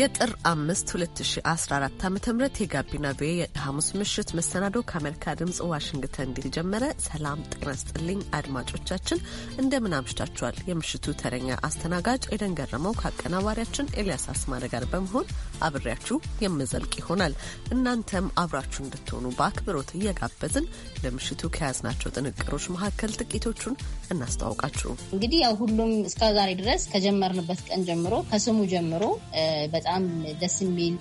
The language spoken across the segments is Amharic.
የጥር አምስት 2014 ዓ ም የጋቢና ቪ የሐሙስ ምሽት መሰናዶ ከአሜሪካ ድምፅ ዋሽንግተን ዲሲ ጀመረ። ሰላም ጤና አድማጮቻችን፣ እንደምን አምሽታችኋል? የምሽቱ ተረኛ አስተናጋጅ ኤደን ገረመው ከአቀናባሪያችን ኤልያስ አስማረ ጋር በመሆን አብሬያችሁ የምዘልቅ ይሆናል። እናንተም አብራችሁ እንድትሆኑ በአክብሮት እየጋበዝን ለምሽቱ ከያዝናቸው ጥንቅሮች መካከል ጥቂቶቹን እናስተዋውቃችሁ። እንግዲህ ያው ሁሉም እስከዛሬ ድረስ ከጀመርንበት ቀን ጀምሮ ከስሙ ጀምሮ በጣም ደስ የሚል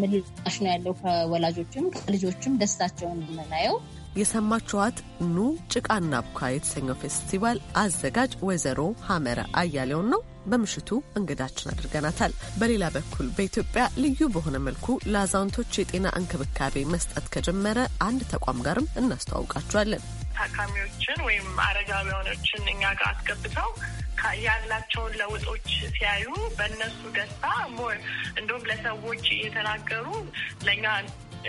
ምላሽ ነው ያለው። ከወላጆችም ከልጆችም ደስታቸውን የምናየው የሰማችኋት ኑ ጭቃና ቡካ የተሰኘው ፌስቲቫል አዘጋጅ ወይዘሮ ሀመረ አያሌውን ነው። በምሽቱ እንግዳችን አድርገናታል። በሌላ በኩል በኢትዮጵያ ልዩ በሆነ መልኩ ለአዛውንቶች የጤና እንክብካቤ መስጠት ከጀመረ አንድ ተቋም ጋርም እናስተዋውቃችኋለን። ታካሚዎችን ወይም አረጋውያኖችን እኛ ጋር አስገብተው ያላቸውን ለውጦች ሲያዩ በእነሱ ደስታ ሞር እንዲሁም ለሰዎች እየተናገሩ ለእኛ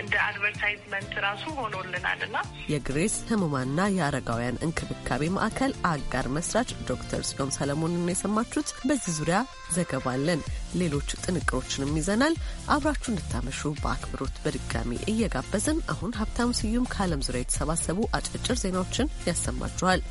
እንደ አድቨርታይዝመንት ራሱ ሆኖልናል እና የግሬስ ህሙማንና የአረጋውያን እንክብካቤ ማዕከል አጋር መስራች ዶክተር ጽዮን ሰለሞንን የሰማችሁት። በዚህ ዙሪያ ዘገባ አለን፣ ሌሎች ጥንቅሮችንም ይዘናል። አብራችሁ እንድታመሹ በአክብሮት በድጋሚ እየጋበዝን አሁን ሀብታሙ ስዩም ከዓለም ዙሪያ የተሰባሰቡ አጫጭር ዜናዎችን ያሰማችኋል።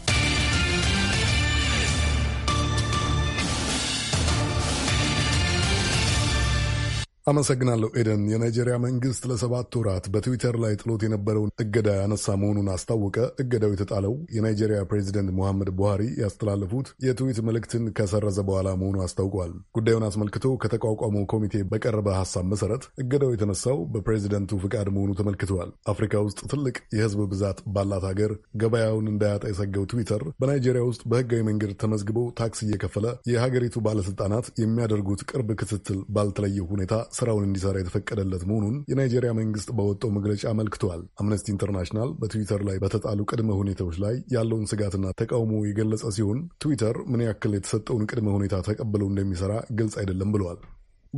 አመሰግናለሁ ኤደን። የናይጄሪያ መንግስት ለሰባት ወራት በትዊተር ላይ ጥሎት የነበረውን እገዳ ያነሳ መሆኑን አስታወቀ። እገዳው የተጣለው የናይጄሪያ ፕሬዚደንት ሙሐመድ ቡሃሪ ያስተላለፉት የትዊት መልእክትን ከሰረዘ በኋላ መሆኑ አስታውቋል። ጉዳዩን አስመልክቶ ከተቋቋመው ኮሚቴ በቀረበ ሀሳብ መሰረት እገዳው የተነሳው በፕሬዚደንቱ ፍቃድ መሆኑ ተመልክተዋል። አፍሪካ ውስጥ ትልቅ የህዝብ ብዛት ባላት ሀገር ገበያውን እንዳያጣ የሰገው ትዊተር በናይጄሪያ ውስጥ በህጋዊ መንገድ ተመዝግበው ታክስ እየከፈለ የሀገሪቱ ባለስልጣናት የሚያደርጉት ቅርብ ክትትል ባልተለየ ሁኔታ ስራውን እንዲሰራ የተፈቀደለት መሆኑን የናይጄሪያ መንግስት በወጣው መግለጫ አመልክቷል። አምነስቲ ኢንተርናሽናል በትዊተር ላይ በተጣሉ ቅድመ ሁኔታዎች ላይ ያለውን ስጋትና ተቃውሞ የገለጸ ሲሆን ትዊተር ምን ያክል የተሰጠውን ቅድመ ሁኔታ ተቀብለው እንደሚሰራ ግልጽ አይደለም ብለዋል።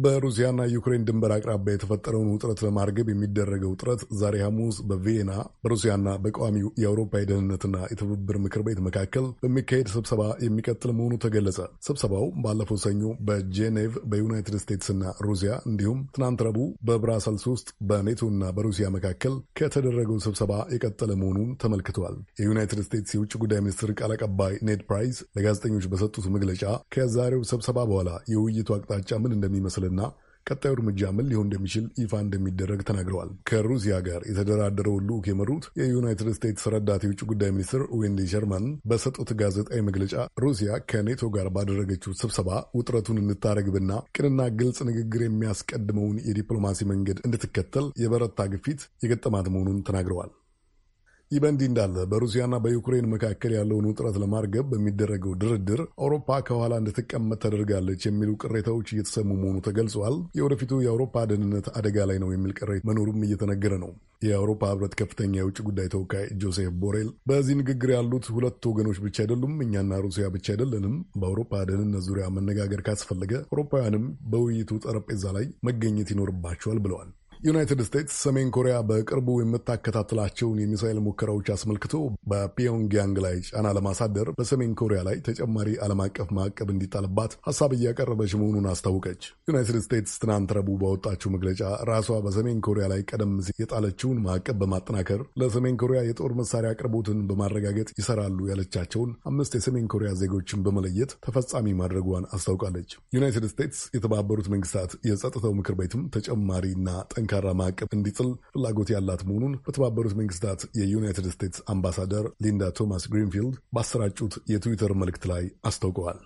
በሩሲያና ዩክሬን ድንበር አቅራቢያ የተፈጠረውን ውጥረት ለማርገብ የሚደረገው ጥረት ዛሬ ሐሙስ በቪየና በሩሲያና በቋሚው የአውሮፓ የደህንነትና የትብብር ምክር ቤት መካከል በሚካሄድ ስብሰባ የሚቀጥል መሆኑ ተገለጸ። ስብሰባው ባለፈው ሰኞ በጄኔቭ በዩናይትድ ስቴትስና ሩሲያ እንዲሁም ትናንት ረቡዕ በብራሰልስ ውስጥ በኔቶና በሩሲያ መካከል ከተደረገው ስብሰባ የቀጠለ መሆኑን ተመልክቷል። የዩናይትድ ስቴትስ የውጭ ጉዳይ ሚኒስትር ቃል አቀባይ ኔድ ፕራይስ ለጋዜጠኞች በሰጡት መግለጫ ከዛሬው ስብሰባ በኋላ የውይይቱ አቅጣጫ ምን እንደሚመስል እንደሚመስልና ቀጣዩ እርምጃ ምን ሊሆን እንደሚችል ይፋ እንደሚደረግ ተናግረዋል። ከሩሲያ ጋር የተደራደረው ልዑክ የመሩት የዩናይትድ ስቴትስ ረዳት የውጭ ጉዳይ ሚኒስትር ዌንዲ ሸርማን በሰጡት ጋዜጣዊ መግለጫ ሩሲያ ከኔቶ ጋር ባደረገችው ስብሰባ ውጥረቱን እንድታረግብና ቅንና ግልጽ ንግግር የሚያስቀድመውን የዲፕሎማሲ መንገድ እንድትከተል የበረታ ግፊት የገጠማት መሆኑን ተናግረዋል። ይህ በእንዲህ እንዳለ በሩሲያና በዩክሬን መካከል ያለውን ውጥረት ለማርገብ በሚደረገው ድርድር አውሮፓ ከኋላ እንድትቀመጥ ተደርጋለች የሚሉ ቅሬታዎች እየተሰሙ መሆኑ ተገልጿል። የወደፊቱ የአውሮፓ ደህንነት አደጋ ላይ ነው የሚል ቅሬታ መኖሩም እየተነገረ ነው። የአውሮፓ ህብረት ከፍተኛ የውጭ ጉዳይ ተወካይ ጆሴፍ ቦሬል በዚህ ንግግር ያሉት ሁለት ወገኖች ብቻ አይደሉም፣ እኛና ሩሲያ ብቻ አይደለንም። በአውሮፓ ደህንነት ዙሪያ መነጋገር ካስፈለገ አውሮፓውያንም በውይይቱ ጠረጴዛ ላይ መገኘት ይኖርባቸዋል ብለዋል። ዩናይትድ ስቴትስ ሰሜን ኮሪያ በቅርቡ የምታከታትላቸውን የሚሳይል ሙከራዎች አስመልክቶ በፒዮንግያንግ ላይ ጫና ለማሳደር በሰሜን ኮሪያ ላይ ተጨማሪ ዓለም አቀፍ ማዕቀብ እንዲጣልባት ሀሳብ እያቀረበች መሆኑን አስታወቀች። ዩናይትድ ስቴትስ ትናንት ረቡዕ ባወጣችው መግለጫ ራሷ በሰሜን ኮሪያ ላይ ቀደም ሲል የጣለችውን ማዕቀብ በማጠናከር ለሰሜን ኮሪያ የጦር መሳሪያ አቅርቦትን በማረጋገጥ ይሰራሉ ያለቻቸውን አምስት የሰሜን ኮሪያ ዜጎችን በመለየት ተፈጻሚ ማድረጓን አስታውቃለች። ዩናይትድ ስቴትስ የተባበሩት መንግስታት የጸጥታው ምክር ቤትም ተጨማሪና ጠንካ ጠንካራ ማዕቀብ እንዲጥል ፍላጎት ያላት መሆኑን በተባበሩት መንግስታት የዩናይትድ ስቴትስ አምባሳደር ሊንዳ ቶማስ ግሪንፊልድ ባሰራጩት የትዊተር መልእክት ላይ አስታውቀዋል።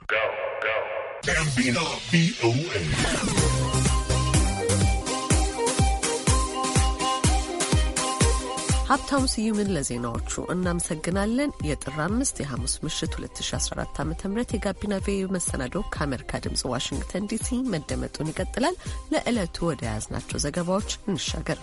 ሀብታሙ ስዩምን ለዜናዎቹ እናመሰግናለን። የጥር አምስት የሐሙስ ምሽት 2014 ዓ ም የጋቢና ቪ መሰናዶ ከአሜሪካ ድምፅ ዋሽንግተን ዲሲ መደመጡን ይቀጥላል። ለዕለቱ ወደ ያዝናቸው ዘገባዎች እንሻገር።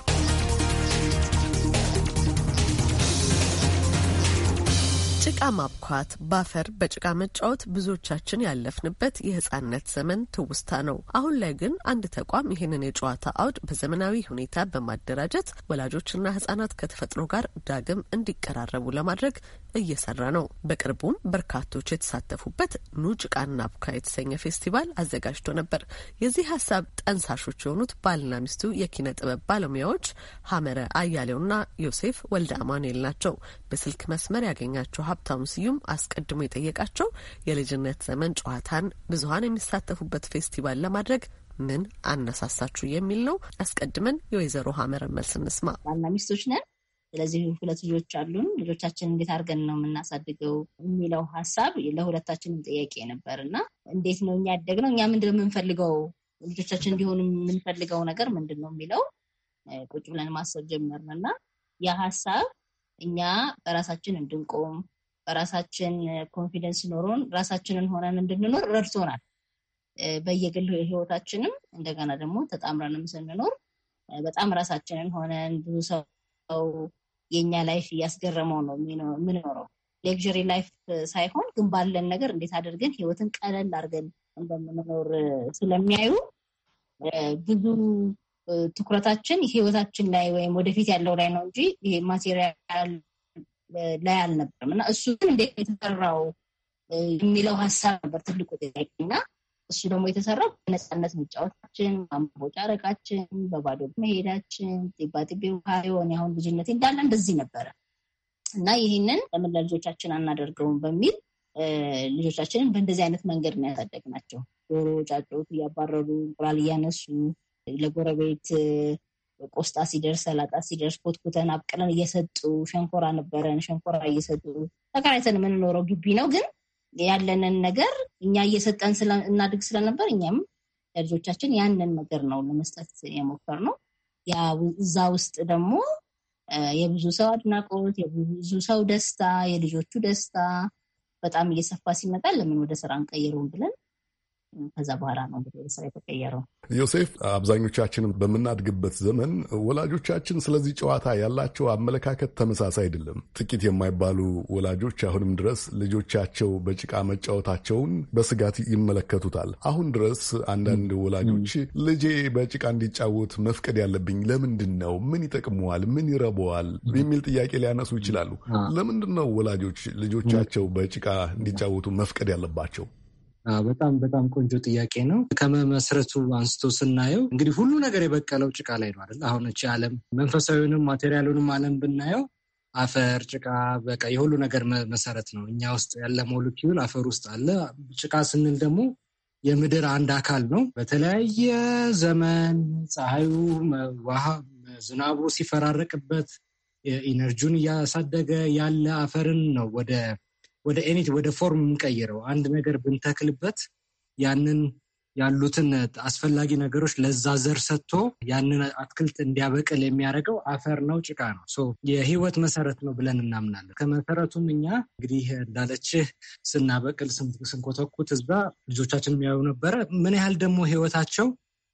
ጭቃ ማብኳት፣ ባፈር በጭቃ መጫወት ብዙዎቻችን ያለፍንበት የህጻነት ዘመን ትውስታ ነው። አሁን ላይ ግን አንድ ተቋም ይህንን የጨዋታ አውድ በዘመናዊ ሁኔታ በማደራጀት ወላጆችና ህጻናት ከተፈጥሮ ጋር ዳግም እንዲቀራረቡ ለማድረግ እየሰራ ነው። በቅርቡም በርካቶች የተሳተፉበት ኑ ጭቃና ቡካ የተሰኘ ፌስቲቫል አዘጋጅቶ ነበር። የዚህ ሀሳብ ጠንሳሾች የሆኑት ባልና ሚስቱ የኪነ ጥበብ ባለሙያዎች ሀመረ አያሌውና ዮሴፍ ወልደ አማኑኤል ናቸው። በስልክ መስመር ያገኛቸው ሀብታሙ ስዩም አስቀድሞ የጠየቃቸው የልጅነት ዘመን ጨዋታን ብዙሀን የሚሳተፉበት ፌስቲቫል ለማድረግ ምን አነሳሳችሁ የሚል ነው። አስቀድመን የወይዘሮ ሀመረ መልስ እንስማ። ባልና ሚስቶች ነን ስለዚህ ሁለት ልጆች አሉን። ልጆቻችን እንዴት አድርገን ነው የምናሳድገው የሚለው ሀሳብ ለሁለታችንም ጥያቄ ነበር እና እንዴት ነው እኛ ያደግነው፣ እኛ ምንድነው የምንፈልገው፣ ልጆቻችን እንዲሆኑ የምንፈልገው ነገር ምንድን ነው የሚለው ቁጭ ብለን ማሰብ ጀመርን እና ያ ሀሳብ እኛ በራሳችን እንድንቆም በራሳችን ኮንፊደንስ ኖሮን ራሳችንን ሆነን እንድንኖር ረድቶናል። በየግል ህይወታችንም እንደገና ደግሞ ተጣምረንም ስንኖር በጣም ራሳችንን ሆነን ብዙ ሰው የእኛ ላይፍ እያስገረመው ነው የምኖረው። ሌክዥሪ ላይፍ ሳይሆን ግን ባለን ነገር እንዴት አድርገን ህይወትን ቀለል አድርገን እንደምንኖር ስለሚያዩ ብዙ ትኩረታችን ህይወታችን ላይ ወይም ወደፊት ያለው ላይ ነው እንጂ ይሄ ማቴሪያል ላይ አልነበርም እና እሱ ግን እንዴት የተሰራው የሚለው ሀሳብ ነበር ትልቁ ጥያቄ እና እሱ ደግሞ የተሰራው ነፃነት መጫወታችን፣ ማንቦጫ ረቃችን፣ በባዶ መሄዳችን፣ ጢባጢቤ ውሃ የሆነ አሁን ልጅነት እንዳለ እንደዚህ ነበረ እና ይህንን ለምን ለልጆቻችን አናደርገውም በሚል ልጆቻችንን በእንደዚህ አይነት መንገድ ነው ያሳደግናቸው። ዶሮ ጫጩት እያባረሩ እንቁላል እያነሱ ለጎረቤት ቆስጣ ሲደርስ ሰላጣ ሲደርስ ኮትኩተን አብቅለን እየሰጡ ሸንኮራ ነበረን፣ ሸንኮራ እየሰጡ ተከራይተን የምንኖረው ግቢ ነው ግን ያለንን ነገር እኛ እየሰጠን እናድግ ስለነበር እኛም ለልጆቻችን ያንን ነገር ነው ለመስጠት የሞከር ነው። እዛ ውስጥ ደግሞ የብዙ ሰው አድናቆት፣ የብዙ ሰው ደስታ፣ የልጆቹ ደስታ በጣም እየሰፋ ሲመጣ ለምን ወደ ስራ እንቀይረውን ብለን ከዛ በኋላ ነው እንግዲህ ስራ የተቀየረው። ዮሴፍ፣ አብዛኞቻችንም በምናድግበት ዘመን ወላጆቻችን ስለዚህ ጨዋታ ያላቸው አመለካከት ተመሳሳይ አይደለም። ጥቂት የማይባሉ ወላጆች አሁንም ድረስ ልጆቻቸው በጭቃ መጫወታቸውን በስጋት ይመለከቱታል። አሁን ድረስ አንዳንድ ወላጆች ልጄ በጭቃ እንዲጫወት መፍቀድ ያለብኝ ለምንድን ነው? ምን ይጠቅመዋል? ምን ይረበዋል? የሚል ጥያቄ ሊያነሱ ይችላሉ። ለምንድን ነው ወላጆች ልጆቻቸው በጭቃ እንዲጫወቱ መፍቀድ ያለባቸው? በጣም በጣም ቆንጆ ጥያቄ ነው። ከመመስረቱ አንስቶ ስናየው እንግዲህ ሁሉ ነገር የበቀለው ጭቃ ላይ ነው አይደል? አሁን እቺ ዓለም መንፈሳዊንም ማቴሪያሉንም ዓለም ብናየው አፈር፣ ጭቃ በቃ የሁሉ ነገር መሰረት ነው። እኛ ውስጥ ያለ ሞለኪውል አፈር ውስጥ አለ። ጭቃ ስንል ደግሞ የምድር አንድ አካል ነው። በተለያየ ዘመን ፀሐዩ፣ ውሃ፣ ዝናቡ ሲፈራረቅበት ኢነርጂውን እያሳደገ ያለ አፈርን ነው ወደ ወደ ኤኒት ወደ ፎርም የምንቀይረው አንድ ነገር ብንተክልበት ያንን ያሉትን አስፈላጊ ነገሮች ለዛ ዘር ሰጥቶ ያንን አትክልት እንዲያበቅል የሚያደርገው አፈር ነው፣ ጭቃ ነው፣ የህይወት መሰረት ነው ብለን እናምናለን። ከመሰረቱም እኛ እንግዲህ እንዳለችህ ስናበቅል ስንኮተኩት እዛ ልጆቻችን የሚያዩ ነበረ። ምን ያህል ደግሞ ህይወታቸው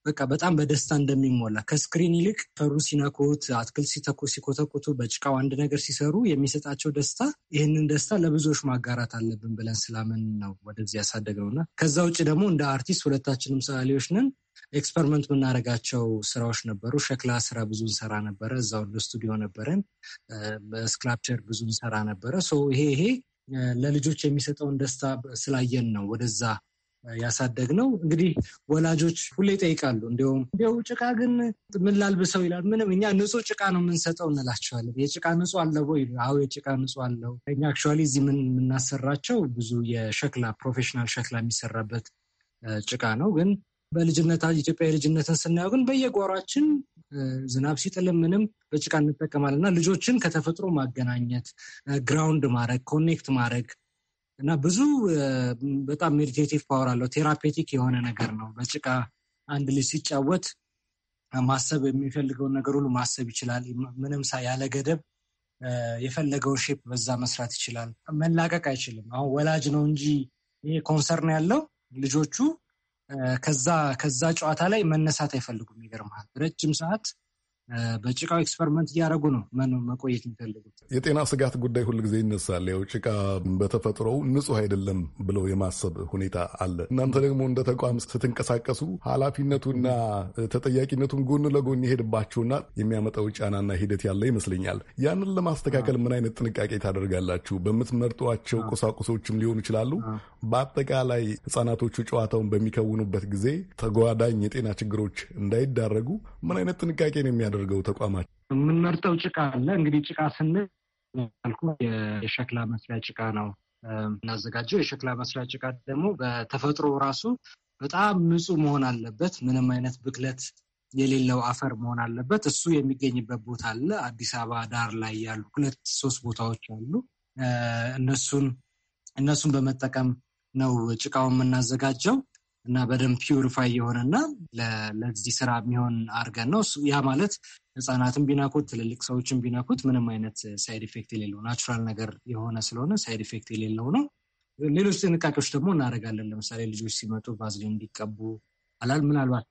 በቃ በጣም በደስታ እንደሚሞላ ከስክሪን ይልቅ ፈሩ ሲነኩት፣ አትክልት ሲኮተኩቱ፣ በጭቃው አንድ ነገር ሲሰሩ የሚሰጣቸው ደስታ ይህንን ደስታ ለብዙዎች ማጋራት አለብን ብለን ስላምን ነው ወደዚህ ነው እና ከዛ ውጭ ደግሞ እንደ አርቲስት ሁለታችንም ሰዓሊዎች ነን። ኤክስፐሪመንት የምናደርጋቸው ስራዎች ነበሩ። ሸክላ ስራ ብዙ እንሰራ ነበረ። እዛው ስቱዲዮ ነበረን። ስክላፕቸር ብዙ እንሰራ ነበረ። ይሄ ይሄ ለልጆች የሚሰጠውን ደስታ ስላየን ነው ወደዛ ያሳደግ ነው እንግዲህ ወላጆች ሁሌ ይጠይቃሉ፣ እንዲሁም እንዲው ጭቃ ግን ምን ላልብሰው ይላል። ምንም እኛ ንጹህ ጭቃ ነው የምንሰጠው እንላቸዋለን። የጭቃ ንጹህ አለው ወይ? አዎ የጭቃ ንጹህ አለው። እኛ አክቹዋሊ እዚህ ምን የምናሰራቸው ብዙ የሸክላ ፕሮፌሽናል ሸክላ የሚሰራበት ጭቃ ነው። ግን በልጅነት ኢትዮጵያ የልጅነትን ስናየው ግን በየጓሯችን ዝናብ ሲጥልም ምንም በጭቃ እንጠቀማለን እና ልጆችን ከተፈጥሮ ማገናኘት ግራውንድ ማድረግ ኮኔክት ማድረግ እና ብዙ በጣም ሜዲቴቲቭ ፓወር አለው። ቴራፔቲክ የሆነ ነገር ነው። በጭቃ አንድ ልጅ ሲጫወት ማሰብ የሚፈልገውን ነገር ሁሉ ማሰብ ይችላል። ምንም ሳ ያለ ገደብ የፈለገውን ሼፕ በዛ መስራት ይችላል። መላቀቅ አይችልም። አሁን ወላጅ ነው እንጂ ይሄ ኮንሰርን ያለው ልጆቹ ከዛ ከዛ ጨዋታ ላይ መነሳት አይፈልጉም። ይገርምሃል ረጅም ሰዓት በጭቃው ኤክስፐሪመንት እያደረጉ ነው መቆየት የሚፈልጉት። የጤና ስጋት ጉዳይ ሁል ጊዜ ይነሳል። ያው ጭቃ በተፈጥሮው ንጹህ አይደለም ብለው የማሰብ ሁኔታ አለ። እናንተ ደግሞ እንደ ተቋም ስትንቀሳቀሱ ኃላፊነቱና ተጠያቂነቱን ጎን ለጎን የሄድባችሁና የሚያመጣው ጫናና ሂደት ያለ ይመስለኛል። ያንን ለማስተካከል ምን አይነት ጥንቃቄ ታደርጋላችሁ? በምትመርጧቸው ቁሳቁሶችም ሊሆኑ ይችላሉ። በአጠቃላይ ህጻናቶቹ ጨዋታውን በሚከውኑበት ጊዜ ተጓዳኝ የጤና ችግሮች እንዳይዳረጉ ምን አይነት ጥንቃቄ ነው የሚያደ የሚያደርገው ተቋማት? የምንመርጠው ጭቃ አለ። እንግዲህ ጭቃ ስንል ያልኩ የሸክላ መስሪያ ጭቃ ነው እናዘጋጀው። የሸክላ መስሪያ ጭቃ ደግሞ በተፈጥሮ ራሱ በጣም ንጹህ መሆን አለበት። ምንም አይነት ብክለት የሌለው አፈር መሆን አለበት። እሱ የሚገኝበት ቦታ አለ። አዲስ አበባ ዳር ላይ ያሉ ሁለት ሶስት ቦታዎች አሉ። እነሱን እነሱን በመጠቀም ነው ጭቃውን የምናዘጋጀው። እና በደንብ ፒውሪፋይ የሆነና ለዚህ ስራ የሚሆን አድርገን ነው። ያ ማለት ህጻናትን ቢናኩት ትልልቅ ሰዎችን ቢናኩት ምንም አይነት ሳይድ ኢፌክት የሌለው ናቹራል ነገር የሆነ ስለሆነ ሳይድ ኢፌክት የሌለው ነው። ሌሎች ጥንቃቄዎች ደግሞ እናደርጋለን። ለምሳሌ ልጆች ሲመጡ ቫዝሊን እንዲቀቡ አላል ምናልባት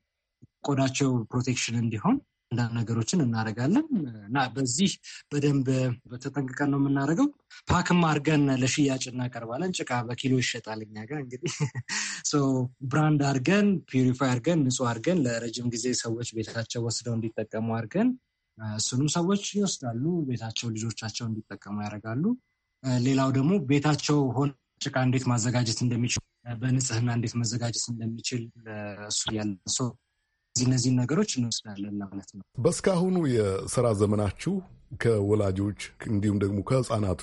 ቆዳቸው ፕሮቴክሽን እንዲሆን አንዳንድ ነገሮችን እናደርጋለን እና በዚህ በደንብ በተጠንቅቀን ነው የምናደርገው። ፓክም አድርገን ለሽያጭ እናቀርባለን። ጭቃ በኪሎ ይሸጣል እኛ ጋር እንግዲህ ብራንድ አድርገን ፒሪፋይ አድርገን ንጹህ አድርገን ለረጅም ጊዜ ሰዎች ቤታቸው ወስደው እንዲጠቀሙ አድርገን እሱንም ሰዎች ይወስዳሉ። ቤታቸው ልጆቻቸው እንዲጠቀሙ ያደርጋሉ። ሌላው ደግሞ ቤታቸው ሆነ ጭቃ እንዴት ማዘጋጀት እንደሚችል በንጽህና እንዴት መዘጋጀት እንደሚችል እሱ ያለ እነዚህ እነዚህን ነገሮች እንወስዳለን ማለት ነው። በእስካሁኑ የስራ ዘመናችሁ ከወላጆች እንዲሁም ደግሞ ከህፃናቱ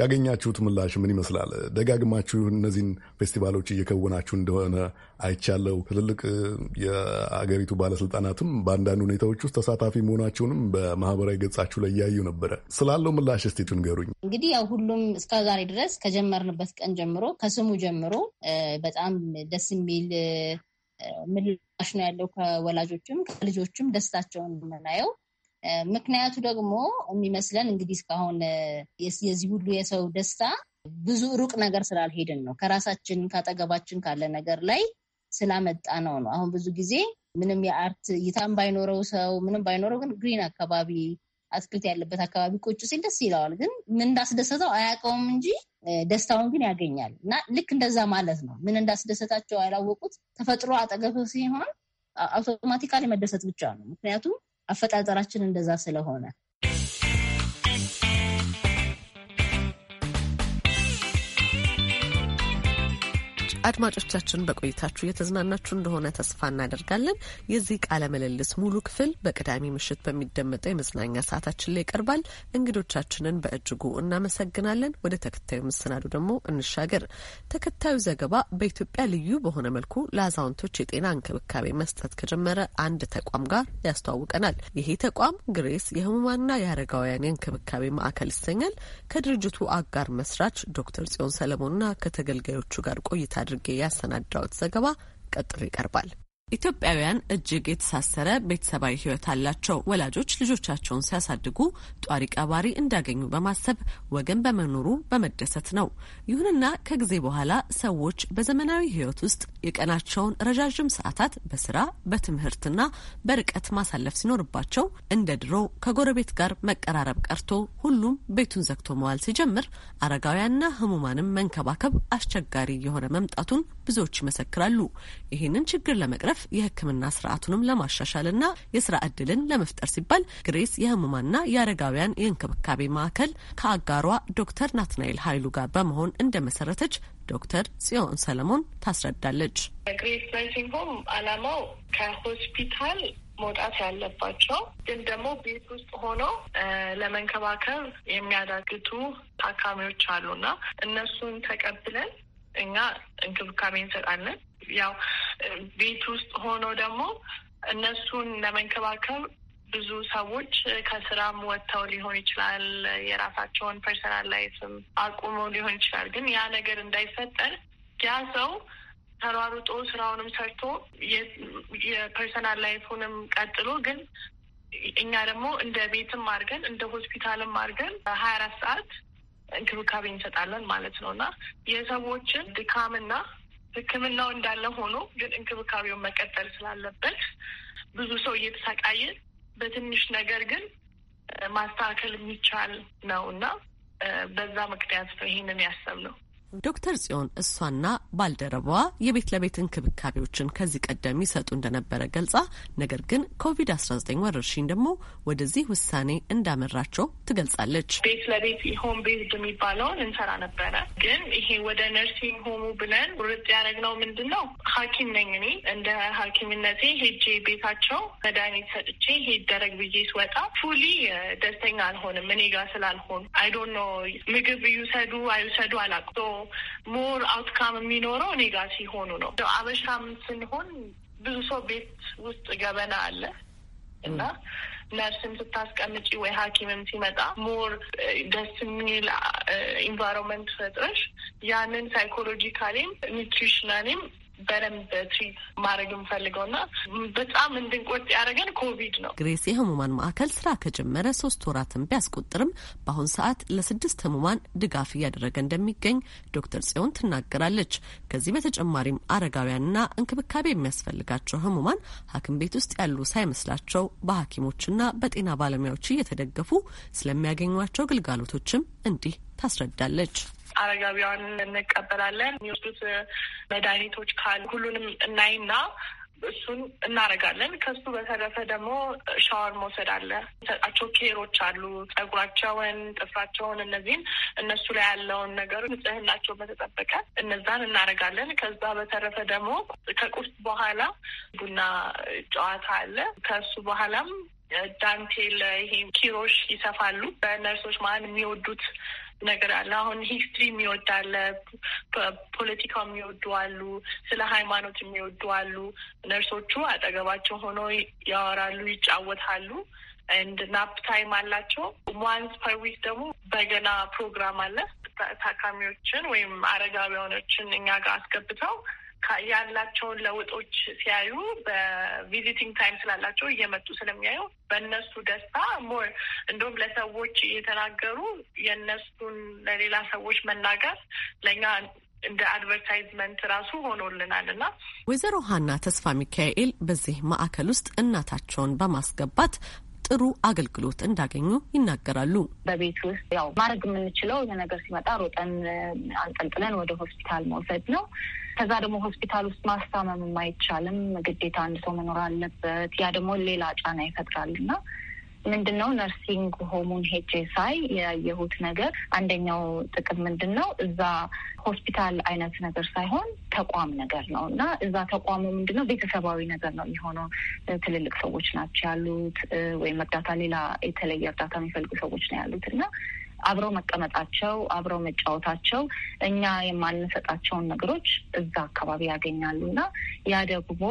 ያገኛችሁት ምላሽ ምን ይመስላል? ደጋግማችሁ እነዚህን ፌስቲቫሎች እየከወናችሁ እንደሆነ አይቻለው። ትልልቅ የአገሪቱ ባለስልጣናትም በአንዳንድ ሁኔታዎች ውስጥ ተሳታፊ መሆናቸውንም በማህበራዊ ገጻችሁ ላይ እያዩ ነበረ። ስላለው ምላሽ እስቲ ገሩኝ እንግዲህ ያው ሁሉም እስከ ዛሬ ድረስ ከጀመርንበት ቀን ጀምሮ ከስሙ ጀምሮ በጣም ደስ የሚል ምላሽ ነው ያለው። ከወላጆችም ከልጆችም ደስታቸውን የምናየው። ምክንያቱ ደግሞ የሚመስለን እንግዲህ እስካሁን የዚህ ሁሉ የሰው ደስታ ብዙ ሩቅ ነገር ስላልሄድን ነው። ከራሳችን ካጠገባችን ካለ ነገር ላይ ስላመጣ ነው ነው። አሁን ብዙ ጊዜ ምንም የአርት እይታም ባይኖረው ሰው ምንም ባይኖረው ግን ግሪን አካባቢ አትክልት ያለበት አካባቢ ቁጭ ሲል ደስ ይለዋል። ግን ምን እንዳስደሰተው አያውቀውም እንጂ ደስታውን ግን ያገኛል። እና ልክ እንደዛ ማለት ነው። ምን እንዳስደሰታቸው ያላወቁት ተፈጥሮ አጠገብ ሲሆን አውቶማቲካሊ መደሰት ብቻ ነው። ምክንያቱም አፈጣጠራችን እንደዛ ስለሆነ አድማጮቻችን በቆይታችሁ እየተዝናናችሁ እንደሆነ ተስፋ እናደርጋለን። የዚህ ቃለ ምልልስ ሙሉ ክፍል በቅዳሜ ምሽት በሚደመጠው የመዝናኛ ሰዓታችን ላይ ይቀርባል። እንግዶቻችንን በእጅጉ እናመሰግናለን። ወደ ተከታዩ መሰናዶ ደግሞ እንሻገር። ተከታዩ ዘገባ በኢትዮጵያ ልዩ በሆነ መልኩ ለአዛውንቶች የጤና እንክብካቤ መስጠት ከጀመረ አንድ ተቋም ጋር ያስተዋውቀናል። ይሄ ተቋም ግሬስ የህሙማንና የአረጋውያን የእንክብካቤ ማዕከል ይሰኛል። ከድርጅቱ አጋር መስራች ዶክተር ጽዮን ሰለሞንና ከተገልጋዮቹ ጋር ቆይታ አድርጌ ያሰናዳሁት ዘገባ ቀጥሎ ይቀርባል። ኢትዮጵያውያን እጅግ የተሳሰረ ቤተሰባዊ ህይወት አላቸው። ወላጆች ልጆቻቸውን ሲያሳድጉ ጧሪ ቀባሪ እንዳገኙ በማሰብ ወገን በመኖሩ በመደሰት ነው። ይሁንና ከጊዜ በኋላ ሰዎች በዘመናዊ ህይወት ውስጥ የቀናቸውን ረዣዥም ሰዓታት በስራ በትምህርትና በርቀት ማሳለፍ ሲኖርባቸው እንደ ድሮ ከጎረቤት ጋር መቀራረብ ቀርቶ ሁሉም ቤቱን ዘግቶ መዋል ሲጀምር አረጋውያንና ህሙማንም መንከባከብ አስቸጋሪ የሆነ መምጣቱን ብዙዎች ይመሰክራሉ። ይህንን ችግር ለመቅረፍ የህክምና የሕክምና ስርዓቱንም ለማሻሻልና የስራ እድልን ለመፍጠር ሲባል ግሬስ የህሙማንና የአረጋውያን የእንክብካቤ ማዕከል ከአጋሯ ዶክተር ናትናኤል ኃይሉ ጋር በመሆን እንደመሰረተች ዶክተር ጽዮን ሰለሞን ታስረዳለች። ግሬስ ናይሲንግ ሆም አላማው ከሆስፒታል መውጣት ያለባቸው ግን ደግሞ ቤት ውስጥ ሆኖ ለመንከባከብ የሚያዳግቱ ታካሚዎች አሉና እነሱን ተቀብለን እኛ እንክብካቤ እንሰጣለን። ያው ቤት ውስጥ ሆኖ ደግሞ እነሱን ለመንከባከብ ብዙ ሰዎች ከስራም ወጥተው ሊሆን ይችላል፣ የራሳቸውን ፐርሰናል ላይፍም አቁመው ሊሆን ይችላል። ግን ያ ነገር እንዳይፈጠር ያ ሰው ተሯሩጦ ስራውንም ሰርቶ የፐርሰናል ላይፉንም ቀጥሎ ግን እኛ ደግሞ እንደ ቤትም አድርገን እንደ ሆስፒታልም አድርገን ሀያ አራት ሰዓት እንክብካቤ እንሰጣለን ማለት ነው እና የሰዎችን ድካምና ሕክምናው እንዳለ ሆኖ ግን እንክብካቤውን መቀጠል ስላለበት ብዙ ሰው እየተሰቃየ በትንሽ ነገር ግን ማስተካከል የሚቻል ነው እና በዛ ምክንያት ነው ይሄንን ያሰብነው። ዶክተር ጽዮን እሷና ባልደረባዋ የቤት ለቤት እንክብካቤዎችን ከዚህ ቀደም ይሰጡ እንደነበረ ገልጻ፣ ነገር ግን ኮቪድ-19 ወረርሽኝ ደግሞ ወደዚህ ውሳኔ እንዳመራቸው ትገልጻለች። ቤት ለቤት ሆም ቤዝድ የሚባለውን እንሰራ ነበረ። ግን ይሄ ወደ ነርሲንግ ሆሙ ብለን ርጥ ያደረግነው ምንድን ነው? ሐኪም ነኝ እኔ እንደ ሐኪምነቴ ሄጄ ቤታቸው መድኃኒት ሰጥቼ ሄደረግ ብዬ ስወጣ ፉሊ ደስተኛ አልሆንም እኔ ጋር ስላልሆኑ ነው ምግብ ይውሰዱ አይውሰዱ አላውቅም። ሞር አውትካም የሚኖረው እኔ ጋር ሲሆኑ ነው። አበሻም ስንሆን ብዙ ሰው ቤት ውስጥ ገበና አለ እና ነርስም ስታስቀምጪ ወይ ሐኪምም ሲመጣ ሞር ደስ የሚል ኢንቫይሮንመንት ፈጥረሽ ያንን ሳይኮሎጂካሊም ኒትሪሽናሊም በደንብ ትሪት ማድረግ የምፈልገው ና በጣም እንድንቆጥ ያደረገን ኮቪድ ነው። ግሬስ የህሙማን ማዕከል ስራ ከጀመረ ሶስት ወራትን ቢያስቆጥርም በአሁን ሰዓት ለስድስት ህሙማን ድጋፍ እያደረገ እንደሚገኝ ዶክተር ጽዮን ትናገራለች። ከዚህ በተጨማሪም ና እንክብካቤ የሚያስፈልጋቸው ህሙማን ሐኪም ቤት ውስጥ ያሉ ሳይመስላቸው ና በጤና ባለሙያዎች እየተደገፉ ስለሚያገኟቸው ግልጋሎቶችም እንዲህ ታስረዳለች። አረጋቢያን እንቀበላለን። የሚወስዱት መድኃኒቶች ካሉ ሁሉንም እናይና እሱን እናደርጋለን። ከሱ በተረፈ ደግሞ ሻወር መውሰድ አለ። ሰጣቸው ኬሮች አሉ። ጸጉራቸውን፣ ጥፍራቸውን እነዚህን እነሱ ላይ ያለውን ነገር ንጽህናቸው በተጠበቀ እነዛን እናደርጋለን። ከዛ በተረፈ ደግሞ ከቁርስ በኋላ ቡና ጨዋታ አለ። ከሱ በኋላም ዳንቴል ይሄ ኪሮሽ ይሰፋሉ። በነርሶች መሀል የሚወዱት ነገር አለ። አሁን ሂስትሪ የሚወድ አለ፣ ፖለቲካ የሚወዱ አሉ፣ ስለ ሃይማኖት የሚወዱ አሉ። ነርሶቹ አጠገባቸው ሆኖ ያወራሉ፣ ይጫወታሉ። ኤንድ ናፕ ታይም አላቸው። ዋንስ ፐር ዊክ ደግሞ በገና ፕሮግራም አለ። ታካሚዎችን ወይም አረጋቢያኖችን እኛ ጋር አስገብተው ያላቸውን ለውጦች ሲያዩ በቪዚቲንግ ታይም ስላላቸው እየመጡ ስለሚያዩ በእነሱ ደስታ ሞር እንዲሁም ለሰዎች እየተናገሩ የእነሱን ለሌላ ሰዎች መናገር ለእኛ እንደ አድቨርታይዝመንት ራሱ ሆኖልናል እና ወይዘሮ ሀና ተስፋ ሚካኤል በዚህ ማዕከል ውስጥ እናታቸውን በማስገባት ጥሩ አገልግሎት እንዳገኙ ይናገራሉ። በቤት ውስጥ ያው ማድረግ የምንችለው ነገር ሲመጣ ሮጠን አንጠልጥለን ወደ ሆስፒታል መውሰድ ነው። ከዛ ደግሞ ሆስፒታል ውስጥ ማስታመምም አይቻልም። ግዴታ አንድ ሰው መኖር አለበት። ያ ደግሞ ሌላ ጫና ይፈጥራል እና ምንድን ነው ነርሲንግ ሆሙን ሄጄ ሳይ ያየሁት ነገር አንደኛው ጥቅም ምንድን ነው እዛ ሆስፒታል አይነት ነገር ሳይሆን ተቋም ነገር ነው እና እዛ ተቋሙ ምንድን ነው ቤተሰባዊ ነገር ነው የሚሆነው። ትልልቅ ሰዎች ናቸው ያሉት፣ ወይም እርዳታ ሌላ የተለየ እርዳታ የሚፈልጉ ሰዎች ነው ያሉት እና አብረው መቀመጣቸው፣ አብረው መጫወታቸው እኛ የማንሰጣቸውን ነገሮች እዛ አካባቢ ያገኛሉ እና ያ ደግሞ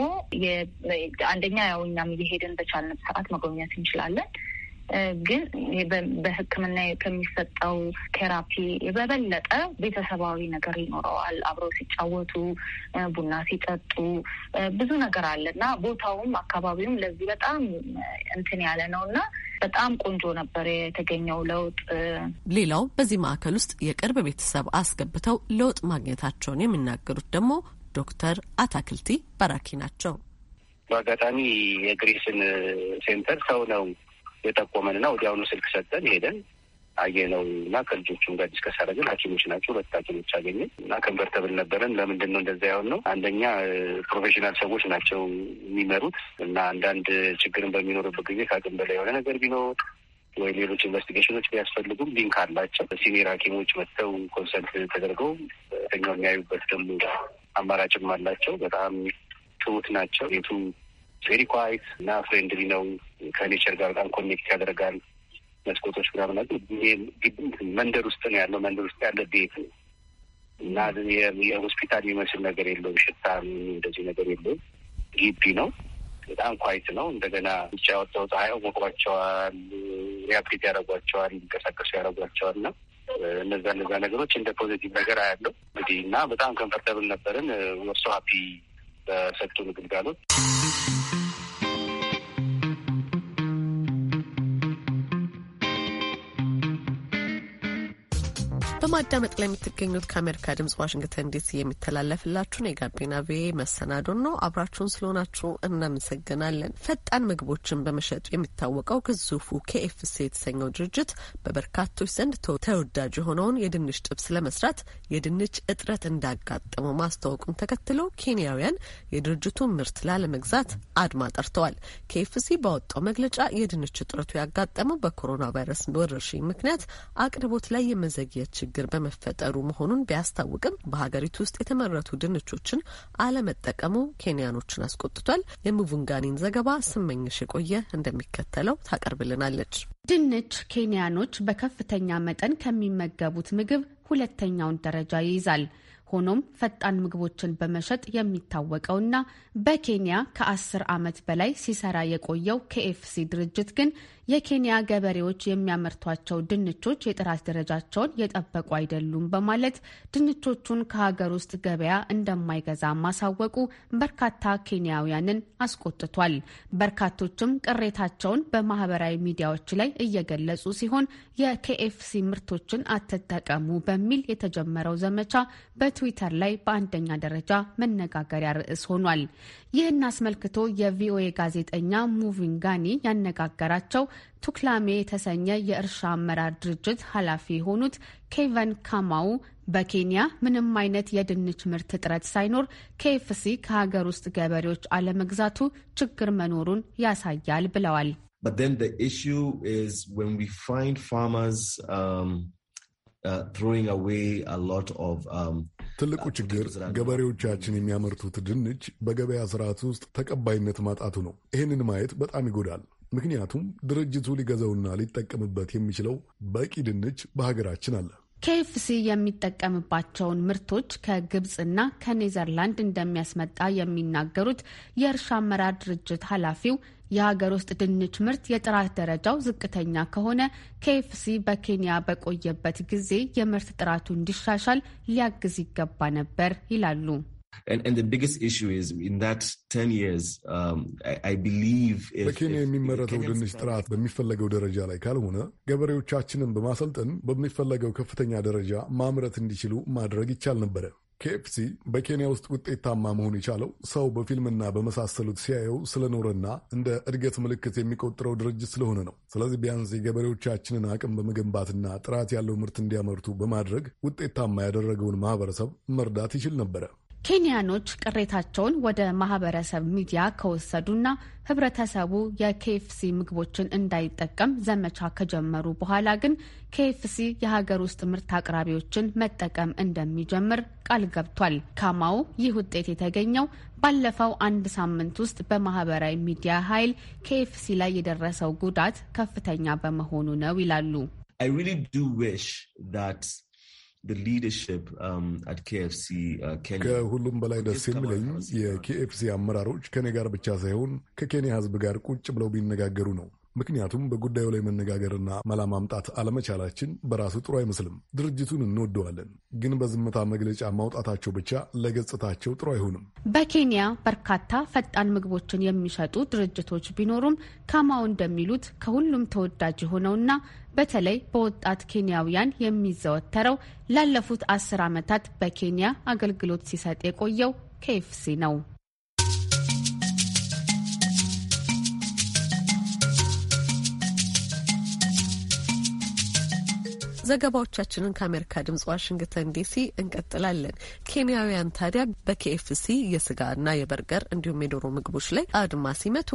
አንደኛ ያው እኛም እየሄድን በቻልን ሰዓት መጎብኘት እንችላለን። ግን በሕክምና ከሚሰጠው ቴራፒ በበለጠ ቤተሰባዊ ነገር ይኖረዋል። አብረው ሲጫወቱ፣ ቡና ሲጠጡ ብዙ ነገር አለ እና ቦታውም አካባቢውም ለዚህ በጣም እንትን ያለ ነው እና በጣም ቆንጆ ነበር የተገኘው ለውጥ። ሌላው በዚህ ማዕከል ውስጥ የቅርብ ቤተሰብ አስገብተው ለውጥ ማግኘታቸውን የሚናገሩት ደግሞ ዶክተር አታክልቲ በራኪ ናቸው። በአጋጣሚ የግሪስን ሴንተር ሰው ነው የጠቆመንና ወዲያውኑ ስልክ ሰጠን ሄደን አየነው እና ከልጆቹም ጋር ዲስከስ አደረግን። ሐኪሞች ናቸው ሁለት ሐኪሞች አገኘን እና ከንበርተብል ነበረን። ለምንድን ነው እንደዛ ያሆን ነው? አንደኛ ፕሮፌሽናል ሰዎች ናቸው የሚመሩት እና አንዳንድ ችግርን በሚኖርበት ጊዜ ከአቅም በላይ የሆነ ነገር ቢኖር ወይ ሌሎች ኢንቨስቲጌሽኖች ቢያስፈልጉም ሊንክ አላቸው። ሲኒየር ሐኪሞች መጥተው ኮንሰልት ተደርገው ተኛው የሚያዩበት ደግሞ አማራጭም አላቸው። በጣም ትሁት ናቸው። የቱ ቬሪ ኳይት እና ፍሬንድሊ ነው። ከኔቸር ጋር በጣም ኮኔክት ያደርጋል። መስኮቶች ምናምን መንደር ውስጥ ነው ያለው። መንደር ውስጥ ያለ ቤት ነው እና የሆስፒታል የሚመስል ነገር የለውም። ሽታ እንደዚህ ነገር የለውም። ግቢ ነው። በጣም ኳይት ነው። እንደገና ውጭ ያወጣው ፀሐይው ሞቅሯቸዋል፣ ሪያፕሊት ያደረጓቸዋል፣ ሊንቀሳቀሱ ያደረጓቸዋል እና እነዛ እነዛ ነገሮች እንደ ፖዘቲቭ ነገር አያለው እንግዲህ እና በጣም ኮምፈርተብል ነበርን። ወርሶ ሀፒ በሰጡ ግልጋሎት በማዳመጥ ላይ የምትገኙት ከአሜሪካ ድምጽ ዋሽንግተን ዲሲ የሚተላለፍላችሁን የጋቢና ቪ መሰናዶን ነው። አብራችሁን ስለሆናችሁ እናመሰግናለን። ፈጣን ምግቦችን በመሸጡ የሚታወቀው ግዙፉ ኬኤፍሲ የተሰኘው ድርጅት በበርካቶች ዘንድ ተወዳጅ የሆነውን የድንች ጥብስ ለመስራት የድንች እጥረት እንዳጋጠመው ማስታወቁን ተከትሎ ኬንያውያን የድርጅቱን ምርት ላለመግዛት አድማ ጠርተዋል። ኬኤፍሲ ባወጣው መግለጫ የድንች እጥረቱ ያጋጠመው በኮሮና ቫይረስ ወረርሽኝ ምክንያት አቅርቦት ላይ የመዘግየት ችግር ችግር በመፈጠሩ መሆኑን ቢያስታውቅም በሀገሪቱ ውስጥ የተመረቱ ድንቾችን አለመጠቀሙ ኬንያኖችን አስቆጥቷል። የሙቡንጋኒን ዘገባ ስመኝሽ የቆየ እንደሚከተለው ታቀርብልናለች። ድንች ኬንያኖች በከፍተኛ መጠን ከሚመገቡት ምግብ ሁለተኛውን ደረጃ ይይዛል። ሆኖም ፈጣን ምግቦችን በመሸጥ የሚታወቀውና በኬንያ ከአስር ዓመት በላይ ሲሰራ የቆየው ኬኤፍሲ ድርጅት ግን የኬንያ ገበሬዎች የሚያመርቷቸው ድንቾች የጥራት ደረጃቸውን የጠበቁ አይደሉም በማለት ድንቾቹን ከሀገር ውስጥ ገበያ እንደማይገዛ ማሳወቁ በርካታ ኬንያውያንን አስቆጥቷል። በርካቶችም ቅሬታቸውን በማህበራዊ ሚዲያዎች ላይ እየገለጹ ሲሆን የኬኤፍሲ ምርቶችን አትጠቀሙ በሚል የተጀመረው ዘመቻ በትዊተር ላይ በአንደኛ ደረጃ መነጋገሪያ ርዕስ ሆኗል። ይህን አስመልክቶ የቪኦኤ ጋዜጠኛ ሙቪንጋኒ ያነጋገራቸው ቱክላሜ የተሰኘ የእርሻ አመራር ድርጅት ኃላፊ የሆኑት ኬቨን ካማው በኬንያ ምንም አይነት የድንች ምርት እጥረት ሳይኖር ኬኤፍሲ ከሀገር ውስጥ ገበሬዎች አለመግዛቱ ችግር መኖሩን ያሳያል ብለዋል። ትልቁ ችግር ገበሬዎቻችን የሚያመርቱት ድንች በገበያ ስርዓት ውስጥ ተቀባይነት ማጣቱ ነው። ይህንን ማየት በጣም ይጎዳል። ምክንያቱም ድርጅቱ ሊገዛውና ሊጠቀምበት የሚችለው በቂ ድንች በሀገራችን አለ። ኬኤፍሲ የሚጠቀምባቸውን ምርቶች ከግብፅና ከኔዘርላንድ እንደሚያስመጣ የሚናገሩት የእርሻ አመራር ድርጅት ኃላፊው የሀገር ውስጥ ድንች ምርት የጥራት ደረጃው ዝቅተኛ ከሆነ ኬኤፍሲ በኬንያ በቆየበት ጊዜ የምርት ጥራቱ እንዲሻሻል ሊያግዝ ይገባ ነበር ይላሉ። በኬንያ የሚመረተው ድንች ጥራት በሚፈለገው ደረጃ ላይ ካልሆነ ገበሬዎቻችንን በማሰልጠን በሚፈለገው ከፍተኛ ደረጃ ማምረት እንዲችሉ ማድረግ ይቻል ነበረ። ኬኤፍሲ በኬንያ ውስጥ ውጤታማ መሆን የቻለው ሰው በፊልምና በመሳሰሉት ሲያየው ስለኖረና እንደ እድገት ምልክት የሚቆጥረው ድርጅት ስለሆነ ነው። ስለዚህ ቢያንስ የገበሬዎቻችንን አቅም በመገንባትና ጥራት ያለው ምርት እንዲያመርቱ በማድረግ ውጤታማ ያደረገውን ማህበረሰብ መርዳት ይችል ነበረ። ኬንያኖች ቅሬታቸውን ወደ ማህበረሰብ ሚዲያ ከወሰዱና ህብረተሰቡ የኬኤፍሲ ምግቦችን እንዳይጠቀም ዘመቻ ከጀመሩ በኋላ ግን ኬኤፍሲ የሀገር ውስጥ ምርት አቅራቢዎችን መጠቀም እንደሚጀምር ቃል ገብቷል። ካማው ይህ ውጤት የተገኘው ባለፈው አንድ ሳምንት ውስጥ በማህበራዊ ሚዲያ ኃይል ኬኤፍሲ ላይ የደረሰው ጉዳት ከፍተኛ በመሆኑ ነው ይላሉ። I really do wish that Um, uh, ከሁሉም በላይ ደስ የሚለኝ uh, የኬኤፍሲ አመራሮች ከኔ ጋር ብቻ ሳይሆን ከኬንያ ሕዝብ ጋር ቁጭ ብለው ቢነጋገሩ ነው። ምክንያቱም በጉዳዩ ላይ መነጋገርና መላ ማምጣት አለመቻላችን በራሱ ጥሩ አይመስልም። ድርጅቱን እንወደዋለን፣ ግን በዝምታ መግለጫ ማውጣታቸው ብቻ ለገጽታቸው ጥሩ አይሆንም። በኬንያ በርካታ ፈጣን ምግቦችን የሚሸጡ ድርጅቶች ቢኖሩም ካማው እንደሚሉት ከሁሉም ተወዳጅ የሆነውና በተለይ በወጣት ኬንያውያን የሚዘወተረው ላለፉት አስር ዓመታት በኬንያ አገልግሎት ሲሰጥ የቆየው ኬኤፍሲ ነው። ዘገባዎቻችንን ከአሜሪካ ድምጽ ዋሽንግተን ዲሲ እንቀጥላለን። ኬንያውያን ታዲያ በኬኤፍሲ የስጋና የበርገር እንዲሁም የዶሮ ምግቦች ላይ አድማ ሲመቱ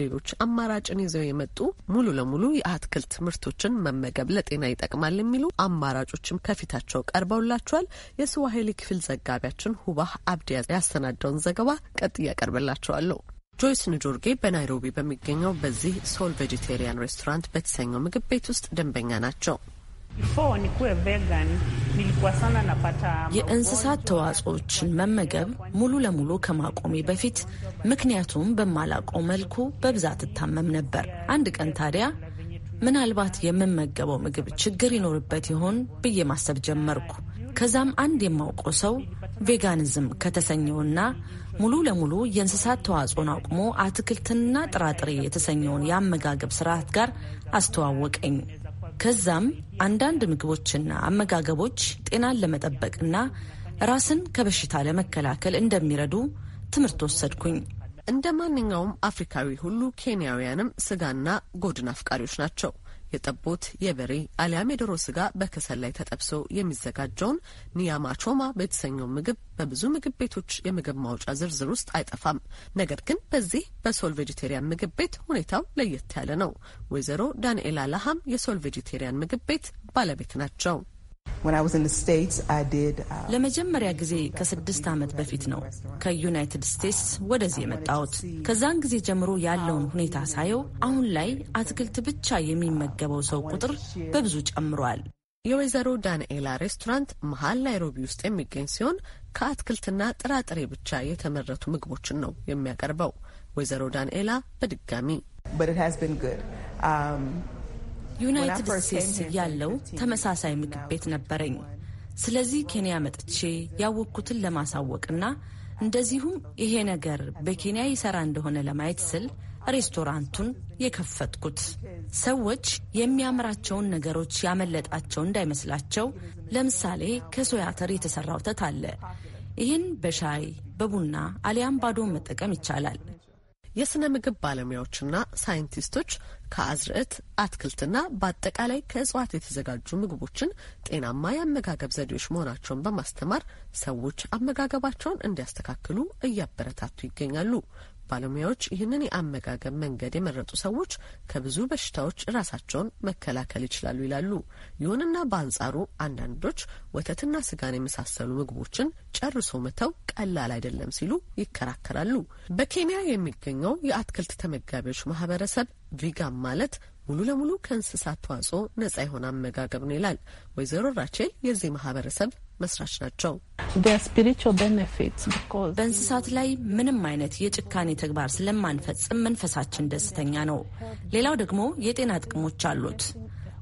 ሌሎች አማራጭን ይዘው የመጡ ሙሉ ለሙሉ የአትክልት ምርቶችን መመገብ ለጤና ይጠቅማል የሚሉ አማራጮችም ከፊታቸው ቀርበውላቸዋል። የስዋሄሊ ክፍል ዘጋቢያችን ሁባህ አብዲያ ያሰናዳውን ዘገባ ቀጥ እያቀርብላቸዋለሁ። ጆይስ ንጆርጌ በናይሮቢ በሚገኘው በዚህ ሶል ቬጂቴሪያን ሬስቶራንት በተሰኘው ምግብ ቤት ውስጥ ደንበኛ ናቸው። የእንስሳት ተዋጽኦዎችን መመገብ ሙሉ ለሙሉ ከማቆሜ በፊት ምክንያቱም በማላውቀው መልኩ በብዛት እታመም ነበር። አንድ ቀን ታዲያ ምናልባት የምመገበው ምግብ ችግር ይኖርበት ይሆን ብዬ ማሰብ ጀመርኩ። ከዛም አንድ የማውቀው ሰው ቬጋኒዝም ከተሰኘውና ሙሉ ለሙሉ የእንስሳት ተዋጽኦን አቁሞ አትክልትና ጥራጥሬ የተሰኘውን የአመጋገብ ስርዓት ጋር አስተዋወቀኝ። ከዛም አንዳንድ ምግቦችና አመጋገቦች ጤናን ለመጠበቅና ራስን ከበሽታ ለመከላከል እንደሚረዱ ትምህርት ወሰድኩኝ። እንደ ማንኛውም አፍሪካዊ ሁሉ ኬንያውያንም ስጋና ጎድን አፍቃሪዎች ናቸው። የጠቦት የበሬ አሊያም የዶሮ ስጋ በከሰል ላይ ተጠብሶ የሚዘጋጀውን ኒያማቾማ በተሰኘው ምግብ በብዙ ምግብ ቤቶች የምግብ ማውጫ ዝርዝር ውስጥ አይጠፋም። ነገር ግን በዚህ በሶል ቬጂቴሪያን ምግብ ቤት ሁኔታው ለየት ያለ ነው። ወይዘሮ ዳንኤላ ላሃም የሶል ቬጂቴሪያን ምግብ ቤት ባለቤት ናቸው። Uh, ለመጀመሪያ ጊዜ ከስድስት ዓመት በፊት ነው ከዩናይትድ ስቴትስ ወደዚህ የመጣሁት። ከዛን ጊዜ ጀምሮ ያለውን ሁኔታ ሳየው አሁን ላይ አትክልት ብቻ የሚመገበው ሰው ቁጥር በብዙ ጨምሯል። የወይዘሮ ዳንኤላ ሬስቶራንት መሀል ናይሮቢ ውስጥ የሚገኝ ሲሆን ከአትክልትና ጥራጥሬ ብቻ የተመረቱ ምግቦችን ነው የሚያቀርበው። ወይዘሮ ዳንኤላ በድጋሚ ዩናይትድ ስቴትስ ያለው ተመሳሳይ ምግብ ቤት ነበረኝ። ስለዚህ ኬንያ መጥቼ ያወቅኩትን ለማሳወቅና እንደዚሁም ይሄ ነገር በኬንያ ይሰራ እንደሆነ ለማየት ስል ሬስቶራንቱን የከፈትኩት ሰዎች የሚያምራቸውን ነገሮች ያመለጣቸው እንዳይመስላቸው። ለምሳሌ ከሶያ አተር የተሰራ ወተት አለ። ይህን በሻይ በቡና አሊያም ባዶን መጠቀም ይቻላል። የስነ ምግብ ባለሙያዎችና ሳይንቲስቶች ከአዝርዕት አትክልትና በአጠቃላይ ከእጽዋት የተዘጋጁ ምግቦችን ጤናማ የአመጋገብ ዘዴዎች መሆናቸውን በማስተማር ሰዎች አመጋገባቸውን እንዲያስተካክሉ እያበረታቱ ይገኛሉ። ባለሙያዎች ይህንን የአመጋገብ መንገድ የመረጡ ሰዎች ከብዙ በሽታዎች ራሳቸውን መከላከል ይችላሉ ይላሉ። ይሁንና በአንጻሩ አንዳንዶች ወተትና ስጋን የመሳሰሉ ምግቦችን ጨርሶ መተው ቀላል አይደለም ሲሉ ይከራከራሉ። በኬንያ የሚገኘው የአትክልት ተመጋቢዎች ማህበረሰብ ቪጋን ማለት ሙሉ ለሙሉ ከእንስሳት ተዋጽኦ ነጻ የሆነ አመጋገብ ነው ይላል። ወይዘሮ ራቼል የዚህ ማህበረሰብ መስራች ናቸው። በእንስሳት ላይ ምንም አይነት የጭካኔ ተግባር ስለማንፈጽም መንፈሳችን ደስተኛ ነው። ሌላው ደግሞ የጤና ጥቅሞች አሉት።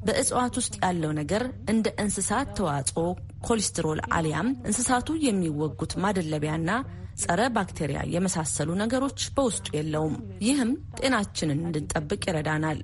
በእጽዋት ውስጥ ያለው ነገር እንደ እንስሳት ተዋጽኦ ኮሌስትሮል አሊያም እንስሳቱ የሚወጉት ማደለቢያና ጸረ ባክቴሪያ የመሳሰሉ ነገሮች በውስጡ የለውም። ይህም ጤናችንን እንድንጠብቅ ይረዳናል።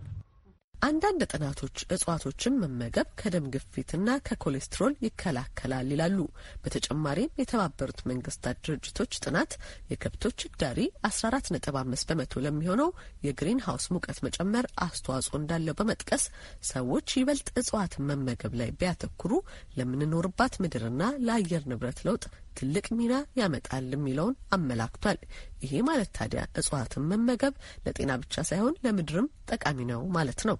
አንዳንድ ጥናቶች እጽዋቶችን መመገብ ከደም ግፊትና ከኮሌስትሮል ይከላከላል ይላሉ። በተጨማሪም የተባበሩት መንግስታት ድርጅቶች ጥናት የከብቶች እዳሪ 14.5 በመቶ ለሚሆነው የግሪን ሀውስ ሙቀት መጨመር አስተዋጽኦ እንዳለው በመጥቀስ ሰዎች ይበልጥ እጽዋት መመገብ ላይ ቢያተኩሩ ለምንኖርባት ምድርና ለአየር ንብረት ለውጥ ትልቅ ሚና ያመጣል የሚለውን አመላክቷል። ይሄ ማለት ታዲያ እጽዋትን መመገብ ለጤና ብቻ ሳይሆን ለምድርም ጠቃሚ ነው ማለት ነው።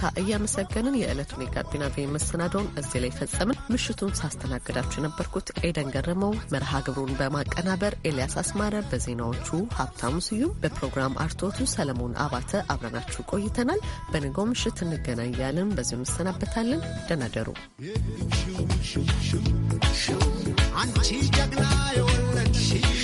በርካታ እያመሰገንን የዕለቱን የጋቢና ቤ መሰናደውን እዚህ ላይ ፈጸምን። ምሽቱን ሳስተናግዳችሁ የነበርኩት ኤደን ገረመው፣ መርሃ ግብሩን በማቀናበር ኤልያስ አስማረ፣ በዜናዎቹ ሀብታሙ ስዩም፣ በፕሮግራም አርቶቱ ሰለሞን አባተ አብረናችሁ ቆይተናል። በንጋው ምሽት እንገናኛለን። በዚሁ እንሰናበታለን። ደህና ደሩ። አንቺ ጀግና የወለድሽ